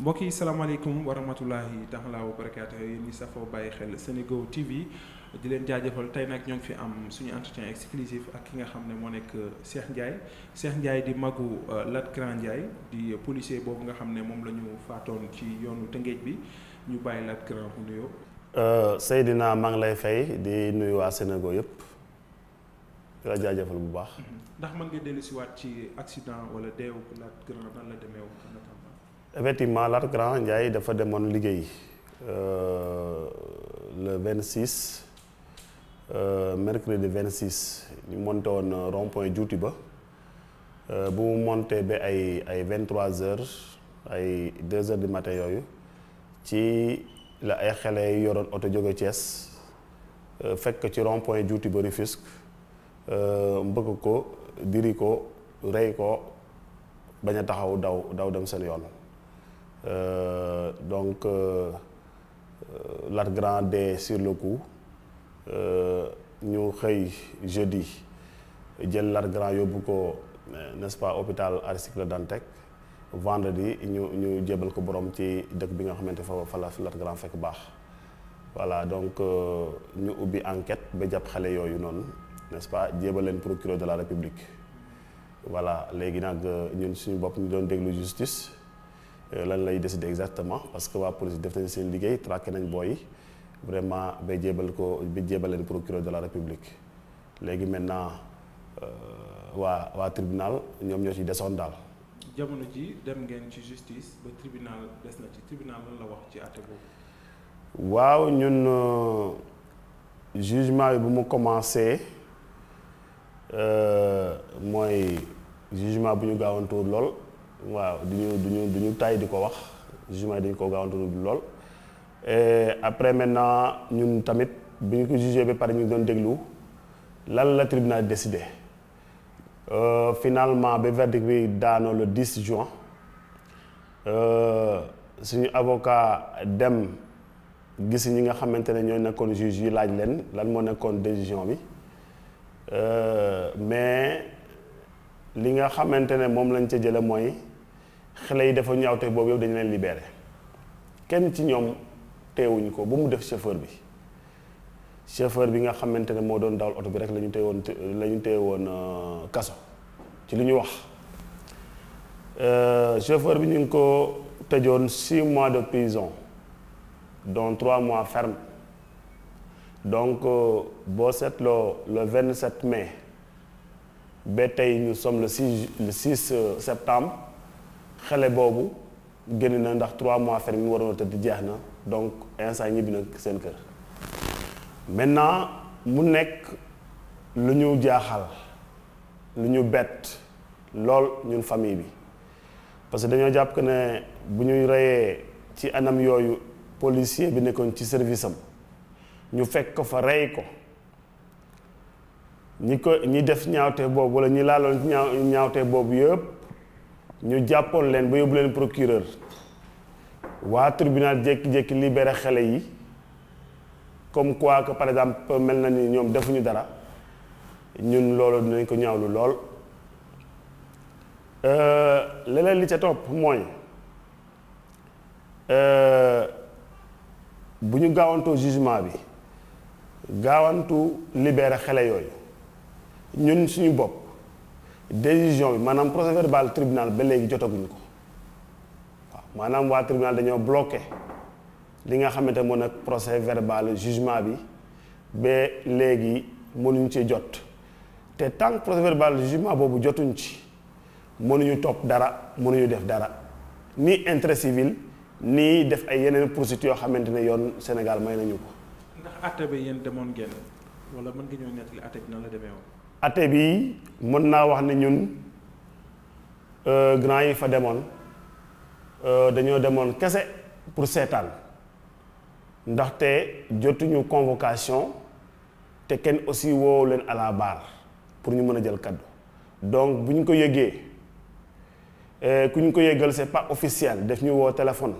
mbokk yi salaamaaleykum wa rahmatulahi taala wa barakaatu yéen ñi safoo bàyyi xel Senego TV di leen jaajëfal tey nag ñoo ngi fi am suñu entretien exclusif ak ki nga xam ne moo nekk Cheikh Ndiaye Cheikh Ndiaye di magu euh, Lat Grand Ndiaye di policier boobu nga xam ne moom la ñu faatoon ci yoonu Tëngéej bi ñu bàyyi Lat Grand mu nuyoo. Euh, Seydina maa ngi lay fay di nuyuwaa waa Senego yëpp. di la jaajëfal bu baax. ndax mën nga dellusiwaat ci accident wala deewu Lat Grand nan la demee effectivement Lat Grand Ndiaye dafa demoon liggéey euh, le 26 euh, mercredi 26 ñu monté woon rond juuti ba euh, bu mu monté ba ay ay 23 heures ay 2 heures du matin yooyu ci la ay xale yoroon oto jóge Thiès fekk ci rond juuti ba Rufisque mbëkk ko diri ko rey ko bañ a taxaw daw daw dem seen yoon. Euh, donc euh, euh, Lat Grand dee sur le coup ñu xëy jeudi jël Lat Grand yóbbu ko n'est-ce pas hôpital Aristide Le Dantec vendredi ñu ñu jébal ko borom ci dëkk bi nga xamante fa fa la Lat Grand fekk baax voilà donc ñu ubbi enquête ba jàpp xale yooyu noonu n'est-ce pas jébal leen procureur de la République voilà léegi nag ñun suñu bopp ñu doon déglu justice Euh, lan lay décider exactement parce que waa police def nañ seen liggéey traqué nañ booy vraiment ba jébal ko ba jébal leen procureur de la république léegi maintenant euh, waa waa tribunal ñoom ñoo ci desoon daal. jamono ji dem ngeen ci justice ba tribunal des na ci tribunal lan la wax ci àtte boobu. waaw ñun euh, jugement bi bu mu commencé mooy jugement bu ñu gaawantuur lool. waaw ñu duñu ñu tay di ko wax jugement dañu ko gaawantu lool après maintenant ñun tamit bi ñu ko jugé ba pare ñu doon déglu lan la tribunal décidé euh, finalement ba verdict bi daanoo le 10 juin euh, suñu avocat dem gis ñi nga xamante ne ñoo nekkoon juge yi laaj leen lan moo nekkoon décision bi euh, mais li nga xamante ne moom lañ ca jële mooy xale yi dafa ñaaw te boobu yow dañu leen libéré kenn ci ñoom teewuñ ko ba mu def chauffeur bi chauffeur bi nga xamante ne moo doon dawal oto bi rek la ñu tey woon la ñu tey woon euh, kaso ci lu ñu wax euh, chauffeur bi ñu ngi ko tëjoon six mois de prison dont trois mois ferme donc euh, boo seetloo le vingt sept mai ba tey ñu sommes le six le six septembre xale boobu génn na ndax trois mois ferme mu waroon a tëdd jeex na donc instant ñibbi nag seen kër maintenant mu nekk lu ñu jaaxal lu ñu bett lool ñun famille bi parce que dañoo jàpp que ne bu ñuy reyee ci anam yooyu policier bi nekkoon ci service am ñu fekk ko fa rey ko ñi ko ñi def ñaawte boobu wala ñi laaloon ñaaw ñaawte boobu yëpp ñu jàppoon leen ba yóbbu leen procureur waa tribunal jékki-jékki libéré xale yi comme quoi par exemple mel na ni ñoom defuñu dara ñun loolu dinañ ko ñaawlu lool. Euh, leneen li ca topp mooy euh, bu ñu gaawantoo jugement bi gaawantu libéré xele yooyu ñun suñu bopp. décision bi maanaam procès verbal tribunal ba léegi jotaguñu ko waaw maanaam waa tribunal dañoo bloqué li nga xamante moo nag procès verbal jugement bi ba léegi mënuñ ci jot te tant procès verbal jugement boobu jotuñ ci mënuñu topp dara mënuñu def dara ni intérêt civil ni def ay yeneen poursuites yoo xamante ne yoon Sénégal may nañu ko. ndax àtte bi yéen demoon ngeen wala mën nga ñëw nettali àtte bi nan la demee woon ate bii mën naa wax ne ñun euh, grand yi fa demoon euh, dañoo demoon kese pour seetaan ndaxte jotuñu convocation te kenn aussi woowu leen à la barre pour ñu mën a jël kàddu donc bu ñu ko yëgee euh, ku ñu ko yëgal c'est pas officiel def ñu woo téléphone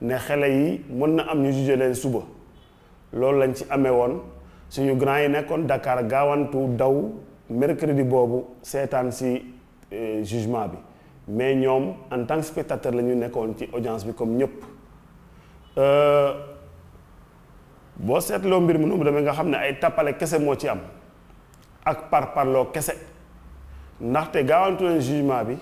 ne xele yi mën na am ñu jugé leen suba loolu lañ ci amee woon suñu grand yi nekkoon Dakar gaawantu daw mercredi boobu seetaan si eh, jugement bi mais ñoom en tant que spectateur la ñu nekkoon ci audience bi comme ñëpp euh, boo seetloo mbir mi nu mu demee nga xam ne ay tappale kese moo ci am ak par parloo kese ndaxte gaawantu leen jugement bi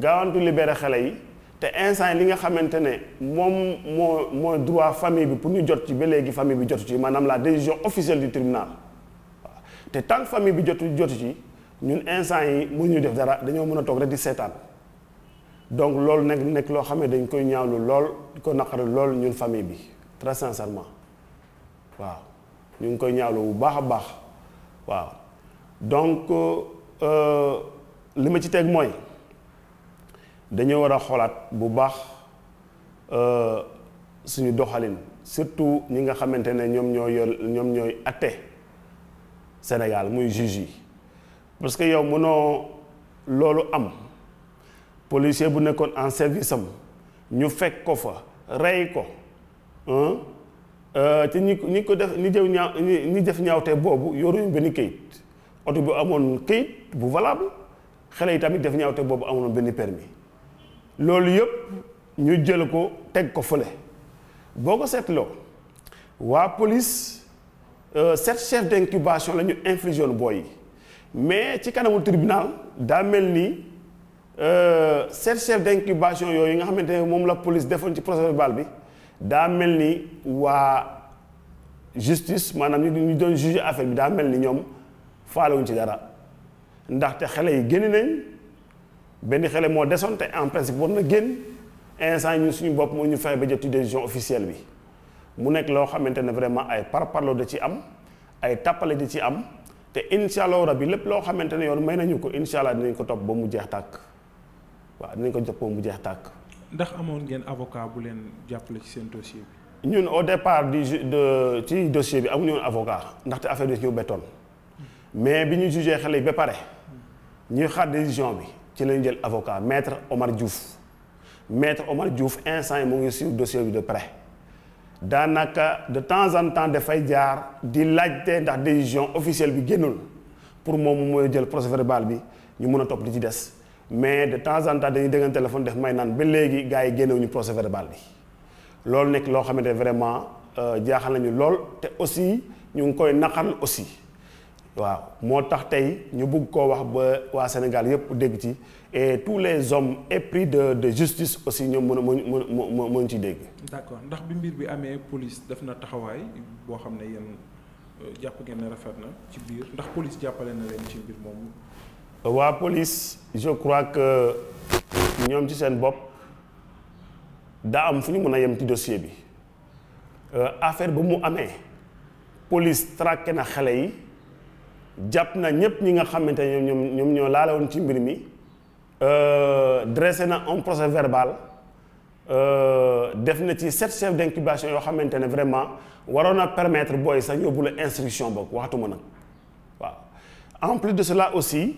gaawantu libéré xele yi. te instant li nga xamante ne moom moo mooy droit famille bi pour ñu jot ci ba léegi famille bi jotu ci maanaam la décision officielle du tribunal te tant que famille bi jotu jotu ci ñun instant yi mu ñu def dara dañoo mën a toog rek di seetaan donc loolu nag nekk loo xam ne dañ koy ñaawlu lool di ko naqari lool ñun famille bi très sincèrement waaw ñu ngi koy ñaawlu bu baax a baax waaw donc euh, li ma ci teg mooy. dañoo war a xoolaat bu baax euh, suñu doxalin surtout ñi nga xamante ne ñoom ñoo yor ñoom ñooy atte Sénégal muy juge yi parce que yow mënoo loolu am policier bu nekkoon en service am ñu fekk ko fa rey ko ci euh, ñi ñi ko def ñi jëw ñaaw ñi def ñaawte boobu yoruñu benn kayit oto bi amoon kayit bu valable xale yi tamit def ñaawte boobu amoon benn permis loolu yëpp ñu jël ko teg ko fële boo ko seetloo waa police euh, sept chefs d'incubation la ñu infligé woon booy yi mais ci kanamu tribunal daa mel ni euh, sept chefs d'incubation yooyu nga xamante ne moom la police defoon ci procès verbal bi daa mel ni waa justice maanaam ñu doon juger affaire bi daa mel ni ñoom faalewuñ ci dara ndaxte xale yi génn nañ. benn xele moo desoon te en principe war na génn instant suñu bopp moo ñu fexe ba jot ci décision officielle bi mu nekk loo xamante ne vraiment ay parparloo da ci am ay tappale di ci am te incha allah rabi lépp loo xamante ne yoon may nañu ko incha allah dinañ ko topp ba mu jeex tàkk waaw dinañ ko topp ba mu jeex tàkk. ndax amoon ngeen avocat bu leen jàppale ci seen dossier bi. ñun au départ du de ci dossier bi amuñu woon avocat ndaxte affaire bi ñu bettoon hmm. mais bi ñu jugee xale yi ba pare ñuy xaar décision bi. ci lañu jël avocat maître Omar Diouf maître Omar Diouf instant yi mu ngi suivre dossier bi de près daanaka de temps en temps dafay jaar di laajte ndax décision officielle bi génnul pour moom mooy jël procès verbal bi ñu mun a topp li ci des mais de temps en temps dañuy déggan téléphone def may naan ba léegi gars yi génnewuñu procès verbal bi loolu nekk loo xamante vraiment euh, jaaxal nañu lool te aussi ñu ngi koy naqarlu aussi waaw moo tax tey ñu bugg koo wax ba waa Sénégal yëpp dégg ci et tous les hommes épris de de justice aussi ñoom mën a mën mën mën ci dégg. d'accord ndax bi mbir bi amee police def na taxawaay boo xam ne yéen euh, jàpp ngeen ne rafet na ci biir ndax police jàppale na leen ci mbir moomu. waa police je crois que ñoom ci seen bopp daa am fu ñu mën a yem ci dossier bi euh, affaire ba mu amee police traqué na xale yi. jàpp na ñëpp ñi nga xamante ne ñoom ñoom ñoo laale woon ci mbir mi euh, dressé na un procès verbal euh, def na ci sept chefs d' incubation yoo xamante ne vraiment waroon a permettre booy sax yóbbu la instruction boog waxtuma nag waaw en plus de cela aussi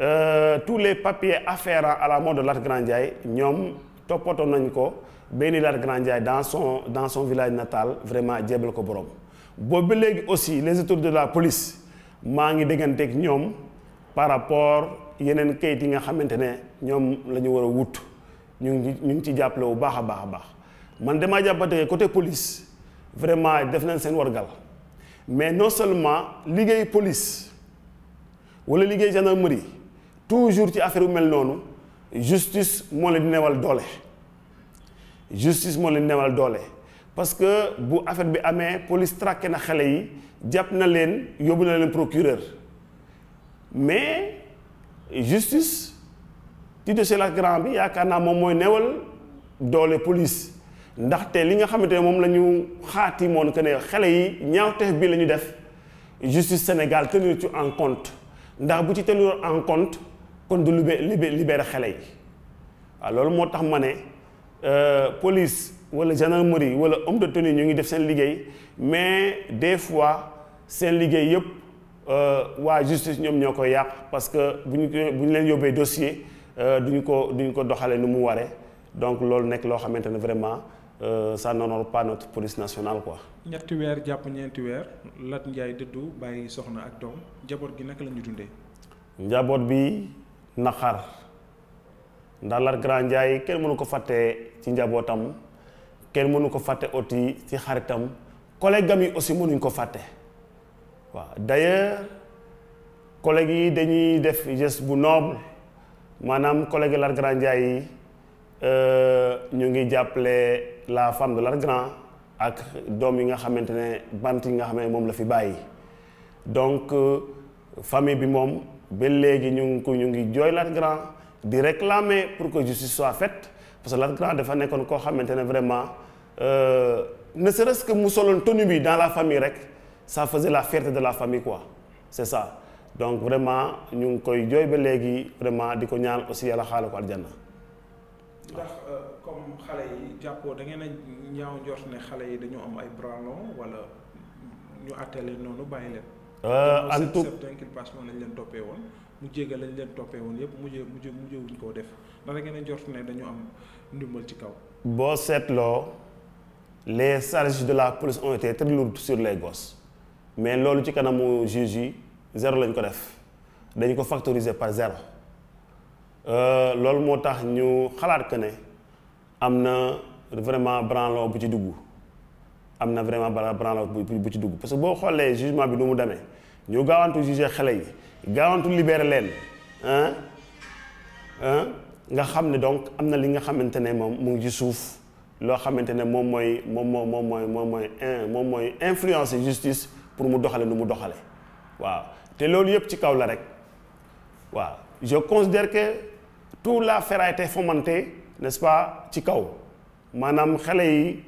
euh, tous les papiers afférents à la mort de Lat Grand Ndiaye ñoom toppatoo nañ ko benn Lat Grand Ndiaye dans son dans son village natal vraiment jébal ko borom boobu ba léegi aussi les autorités de la police. maa ngi dégganteeg ñoom par rapport yeneen kayit yi nga xamante ne ñoom la ñu war a wut ñu ngi ñu ngi ci jàppale bu baax a baax a baax man damaa jàppate côté police vraiment def nañ seen wargal mais non seulement liggéey police wala liggéey gendarmerie toujours ci affaire bu mel noonu justice moo leen newal doole justice moo leen newal doole parce que bu affaire bi amee police traqué na xale yi jàpp na leen yóbbu na leen procureur mais justice Tito Sylla grand bi yaakaar naa moom mooy newal doole police ndaxte li nga xamante ne moom la ñu xaati moon que ne xale yi ñaawteef bi la ñu def justice Sénégal tenir ci en compte ndax bu ci tenir en compte kon du libé libéré xele yi waaw loolu moo tax ma ne euh, police wala gendarmerie wala homme de tenue ñu ngi def seen liggéey mais des fois seen liggéey yëpp euh, waa justice ñoom ñoo ko yàq parce que bu ñu bu ñu leen yóbbee dossier euh, duñu ko duñu ko doxalee nu mu waree donc loolu nekk loo xamante ne vraiment euh, ça n'honore pas notre police nationale quoi. ñetti weer jàpp ñeenti weer Lat Ndiaye dëddu bàyyi soxna ak doom jaboot gi naka la ñu dundee. njaboot bi naqar ndax Lat Grand Ndiaye kenn mënu ko fàtte ci njabootam. kenn mënu ko fàtte oti ci xaritam collègue am yi aussi mënuñ ko fàtte waaw d'ailleurs collègue yi dañuy def geste bu noble maanaam collègue Lat Grand Ndiaye yi euh, ñu ngi jàppale la femme de Lat Grand ak doom yi nga xamante ne bant yi nga xam ne moom la fi bàyyi donc euh, famille bi moom ba léegi ñu ngi ko ñu ngi jooy Lat Grand di réclamer pour que justice soit faite parce que Lat Grand dafa nekkoon koo xamante ne vraiment euh, ne serait-ce que mu soloon tenue bi dans la famille rek ça faisait la fierté de la famille quoi c'est ça donc vraiment ñu ngi koy jooy ba léegi vraiment di ko ñaan aussi yàlla xaale ko aljanna ndax euh, comme xale yi jàppoo da ngeen a ñaaw njort ne xale yi dañu am ay branlon wala ñu àttee noonu bàyyi leen. Euh, en tout cas lañ leen toppee woon. mu jéggal lañ leen toppee woon yëpp mujjee mujjee mujjee wuñ koo def ndax da ngeen a jort ne dañu am ndimbal ci kaw. boo seetloo les charges de la polis ont été très sur les gosses mais loolu ci kanamu juge yi zéro lañ ko def dañ ko factoriser par zéro euh, loolu moo tax ñu xalaat que ne am na vraiment branlo bu ci dugg am na vraiment branlo bu ci dugg parce que boo xoolee jugement bi nu mu demee ñu gaawantu juger xale yi. gaawantu libéré leen nga xam ne donc am na li nga xamante ne moom mu ngi ci suuf loo xamante ne moom mooy moom moo moom mooy moom mooy moom mooy influencer justice pour mu doxale nu mu doxale waaw te loolu yëpp ci kaw la rek waaw je considère que tout l'affaire a été fomentée n'est-ce pas ci kaw maanaam xale yi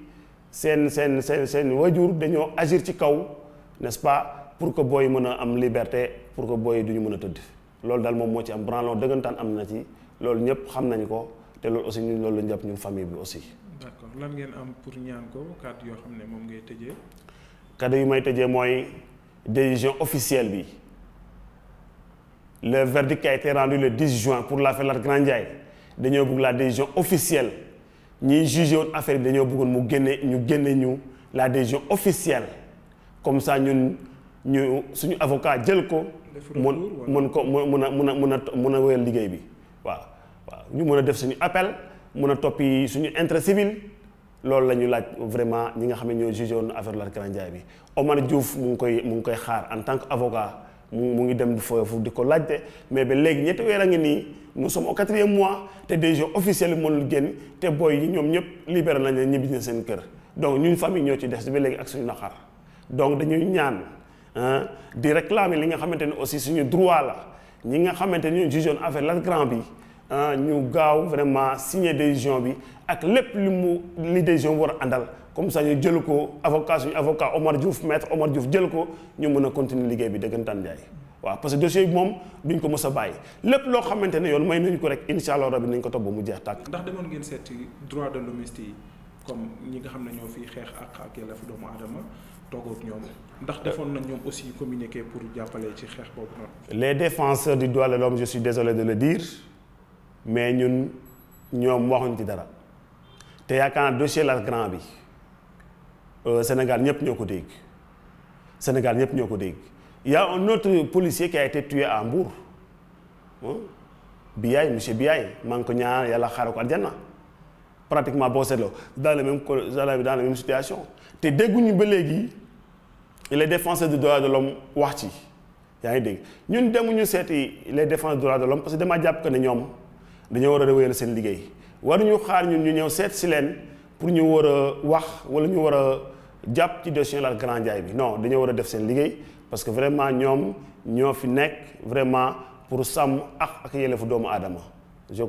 seen seen seen seen wajur dañoo agir ci kaw n'est-ce pas pour que booy mën a am liberté pour que booy du ñu mën a tëdd loolu daal moom moo ci am branlon dëggantaan am na ci loolu ñëpp xam nañ ko te lool aussi ñun loolu la ñu jàpp ñun famille bi aussi. d'accord lan ngeen am pour ñaan ko kàddu yoo xam ne moom ngay tëjee. kàddu yu may tëjee mooy décision officielle bi le verdict qui a été rendu le 10 juin pour l'affaire Lat Grand Ndiaye dañoo bëgg la décision officielle ñiy jugé woon affaire bi dañoo bëggoon mu génne ñu génne ñu la décision officielle comme ça ñun ñu suñu avocat jël ko. mun mun ko mun a mun a mun a mun a wéyal liggéey bi waaw waaw ñu mun a def suñu appel mun a toppi suñu intérêt civil loolu la ñu laaj vraiment ñi nga xam ne ñoo jugé woon affaire Latmingué Ndiaye bi Omar Diouf mu ngi koy mu ngi koy xaar en tant que avocat mu mu ngi dem foofu di ko laajte mais ba léegi ñetti weer a ngi nii nous sommes quatrième mois te DG officiel bi mënul génn te booy yi ñoom ñëpp libéré nañ leen ñibbi na seen kër donc ñun famille ñoo ci def ba léegi ak suñu naqar donc di réclamer li nga xamante ne aussi suñu droit la ñi nga xamante ne ñoo jugeoon affaire Lat Grand bi ñu gaaw vraiment signer décision bi ak lépp lu mu li décision war a àndal comme ça ñu jël ko avocat suñu avocat Omar Diouf maître Omar Diouf jël ko ñu mën a continuer liggéey bi dëggantaan jaay waaw parce que bi moom duñ ko mës a bàyyi lépp loo xamante ne yoon may nañu ko rek incha allah rabi nañ ko topp ba mu jeex tàkk. ndax demoon ngeen seeti droit de l'hommiste yi comme ñi nga xam ne ñoo fi xeex ak ak yelleefu doomu aadama. toogook ñoom ndax defoon nañ ñoom aussi communiqué pour jàppale ci xeex boobu noonu. les défenseurs du droit de l'homme désolé de le dire mais ñun ñoom waxuñ ci dara te yaakaar naa dossier la grand bi euh, Sénégal ñëpp ñoo ko dégg Sénégal ñëpp ñoo ko dégg y a un autre policier qui a été tué à Mbour Biaye monsieur Biaye maa ngi ko ñaan yàlla xaaral ko aljanna pratiquement boo seetloo dans le même gendarme bi dans la situation te dégguñu ba léegi les défenseurs des droits de l'homme wax ci yaa ngi dégg ñun demuñu seeti les défenseurs des droits de l'homme parce que damaa jàpp que ne ñoom dañoo war a wéyal seen liggéey war ñu xaar ñun ñu ñëw seet si leen pour ñu war a wax wala ñu war a jàpp ci dossier la Grand Ndiaye bi no dañoo war a def seen liggéey parce que vraiment ñoom ñoo fi nekk vraiment pour sàmm ak ak yelleefu doomu aadama je